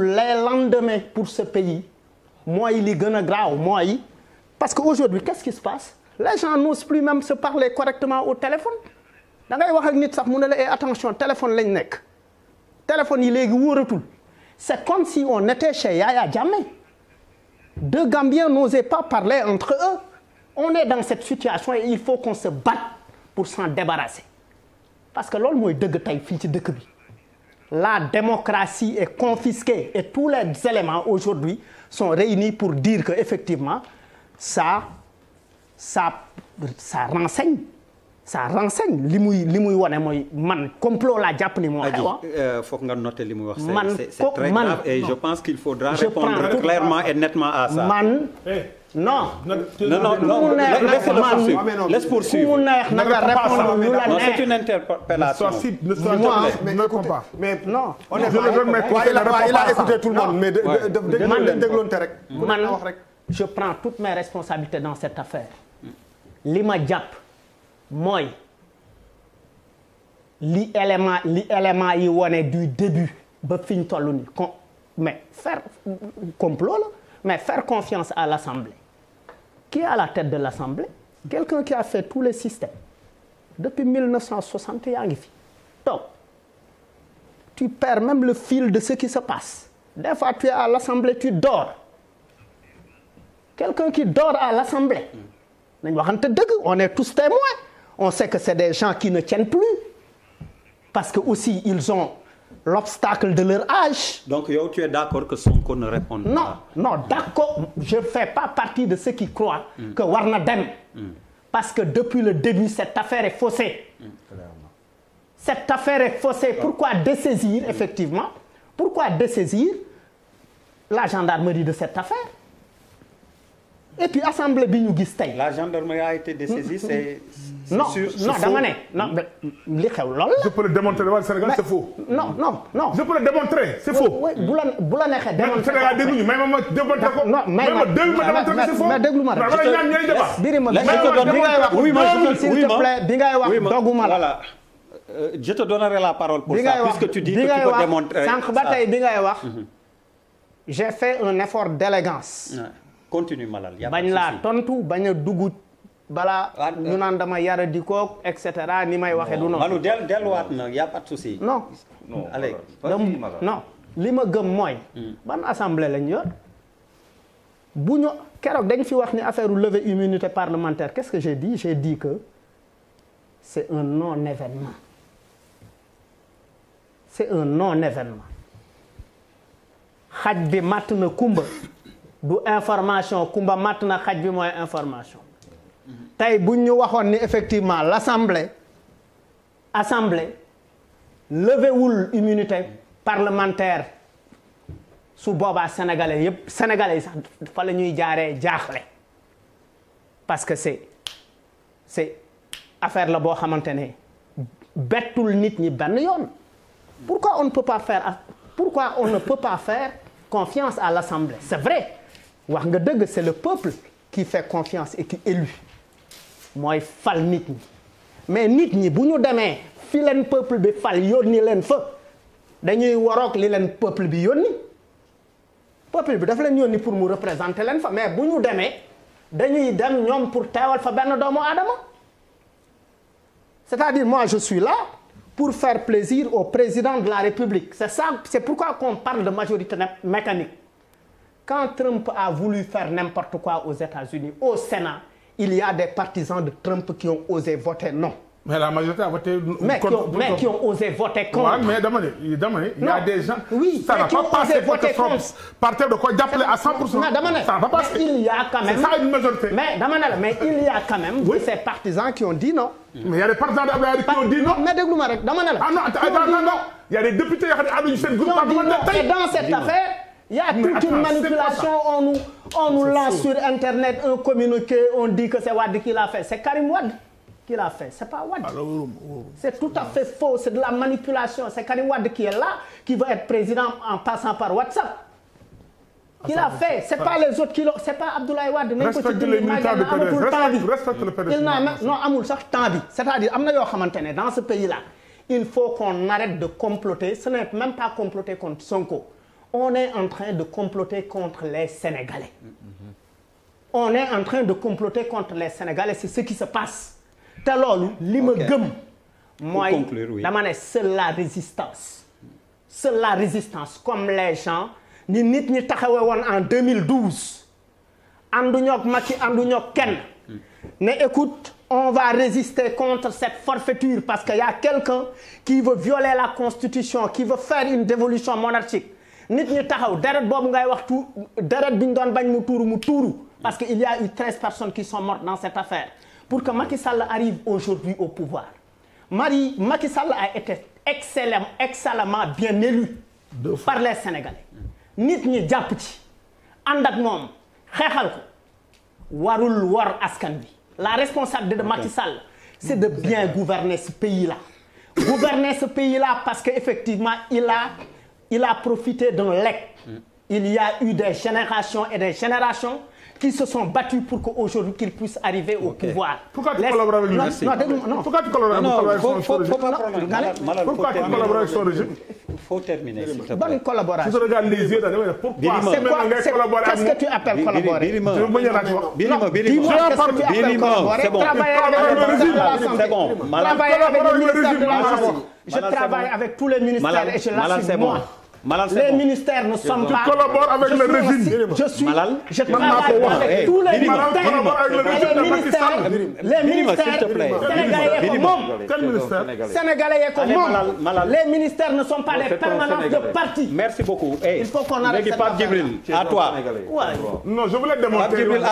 les lendemains pour ce pays moi il est a graaw parce qu'aujourd'hui qu'est-ce qui se passe les gens n'osent plus même se parler correctement au téléphone da ngay wax ak eh, attention téléphone lañ téléphone yi c'est comme si on était chez Yaya jamais. deux Gambiens n'osaient pas parler entre eux on est dans cette situation et il faut qu'on se batte pour s'en débarrasser parce que l'homme est est tey de ci la démocratie est confisquée et tous les éléments aujourd'hui sont réunis pour dire que effectivement ça, ça renseigne ça renseigne limuy limuy woné moy man complot la japp ni moo ah. euh faut que noter li muy wax. man c'est très grave et je pense qu'il faudra répondre clairement et nettement à ça. man eh, non. non non non ah, laisse poursuivre mu neex On nga répondre lu la c'est une interpellation. mais non. on est il a écouté tout le monde mais dégloonte rek. man je prends toutes mes responsabilités dans cette affaire. lima japp moi, li li du début ba fiñ mais faire complot mais faire confiance à l'Assemblée qui est à la tête de l'Assemblée quelqu'un qui a fait tous les systèmes depuis 1960 tu perds même le fil de ce qui se passe des fois tu es à l'Assemblée tu dors quelqu'un qui dort à l'Assemblée on est tous témoins on sait que c'est des gens qui ne tiennent plus. Parce que aussi, ils ont l'obstacle de leur âge. Donc, yo, tu es d'accord que Sonko ne répond pas Non, d'accord, je ne fais pas partie de ceux qui croient mm. que warnadem mm. Parce que depuis le début, cette affaire est faussée. Mm. Cette affaire est faussée. Ah. Pourquoi dessaisir, effectivement Pourquoi dessaisir la gendarmerie de cette affaire et puis assemblée bi la gendarmerie a été dessaisie mm-hmm. c'est non non non je peux le démontrer devant le Sénégal c'est faux. non non non. je peux le démontrer c'est faux. bu la bu démontrer Sénégal dégluñu may ma ma démontrer ko. non Mais ma Mais déglu ma Mais birima bi ngay wax s'il te plaît bi ngay wax la. Euh, je te donnerai la parole pour ça puisque tu dis que tu peux démontrer ça. sànq bi mm-hmm. j'ai fait un effort d'élégance continue malal bañ laa tontu bañ duggu bala ñu naan dama yara di et cetera ni may waxe du non manu del del na y a pas de souci non non allez non lima ma moy hmm. ban assemblée lañ yor buñu kérok dañ fi wax ni affaire levée immunité parlementaire qu'est-ce que j'ai dit j'ai dit que c'est un non événement c'est un non événement xaj bi mat na kumba du information kumba matt na xaj bi information mhm. tay buñ ñu waxoon ni effectivement l'assemblée assemblée levewul immunité parlementaire su boba sénégalais yépp sénégalais il sax fa la ñuy jaaree parce que c'est c'est affaire la bo xamantene ne nit ñi ben yoon pourquoi on ne peut pas faire pourquoi on ne peut pas faire confiance à l'assemblée c'est vrai wax nga c'est le peuple qui fait confiance et qui élit moi fal nit ni mais nit ni bu ñu demee fi leen peuple bi fal ni len fa dañuy warok li len peuple bi yónni peuple bi dafa leen pour me représenter len fa mais bu ñu demee dañuy dem ñoom pour teewal fa ben doomu adama. c'est-à-dire moi je suis là pour faire plaisir au président de la République c'est ça c'est pourquoi qu'on parle de majorité mécanique quand Trump a voulu faire n'importe quoi aux États-Unis, au Sénat, il y a des partisans de Trump qui ont osé voter non. Mais la majorité a voté mais contre. Qui mais qui ont osé voter contre. Ouais, mais demandez, il y a des gens. Oui, ça n'a pas passé voter que partait de quoi D'appeler à 100%. Non, ça pas il y a quand même. C'est ça une majorité. Mais, demandez, mais il y a quand même ces partisans qui ont dit non. Mais il y a des partisans qui ont dit non. Mais demandez. Ah non, attends, non, non, Il y a des députés qui ont dit ah non. Dans cette affaire. Il y a toute une manipulation, on nous, lance sur Internet un communiqué, on dit que c'est Wad qui l'a fait. C'est Karim Wad qui l'a fait, c'est pas Wad. C'est tout à fait faux, c'est de la manipulation. C'est Karim Wad qui est là, qui va être président en passant par WhatsApp. Ah, qui l'a fait, c'est pas les autres qui l'ont, c'est pas Abdoulaye Wad. Respecte les militants de PDS, respecte le PDS. non, Amoul, ça, C'est-à-dire, dans ce pays-là, il faut qu'on arrête de comploter. Ce n'est même pas comploter contre Sonko on est en train de comploter contre les Sénégalais. On est en train de comploter contre les Sénégalais, c'est ce qui se passe. C'est ce li ma la résistance C'est la résistance comme les gens ni en 2012 ànduñook Maki, dit kenn mm. écoute on va résister contre cette forfaiture parce qu'il y a quelqu'un qui veut violer la constitution qui veut faire une dévolution monarchique nit ñu taxaw deret bobu ngay wax tu deret bi doon bañ mu touru mu touru parce que il y a eu treize personnes qui sont mortes dans cette affaire pour que Macky Sall arrive aujourd'hui au pouvoir Marie Macky Sall a été excellent excellemment bien élu par les Sénégalais nit ñi japp ci and ak mom xéxal ko warul war askan bi la responsabilité de Macky Sall c'est de bien gouverner ce pays là gouverner ce pays là parce que effectivement il a il a profité d'un lec. Mm. Il y a eu des générations et des générations qui se sont battues pour qu'aujourd'hui qu'ils puissent arriver au pouvoir. Pourquoi tu collabores avec lui Non, non, Pourquoi tu collabores avec son régime Pourquoi tu collabores avec son régime Il faut terminer. Bonne collaboration. Si tu regardes les yeux, pourquoi C'est quoi Qu'est-ce que tu appelles collaborer Birima, Birima, Birima. Birima, c'est bon. C'est bon. Travailler avec le ministère de la Je travaille avec tous les ministères et je l'assume moi les ministères ne sont pas. avec le régime. suis. avec les ministères. Les ministères. Les Sénégalais Les ministères ne sont pas les permanents de parti. Merci beaucoup. Eh, Il faut qu'on arrête. à toi. je voulais demander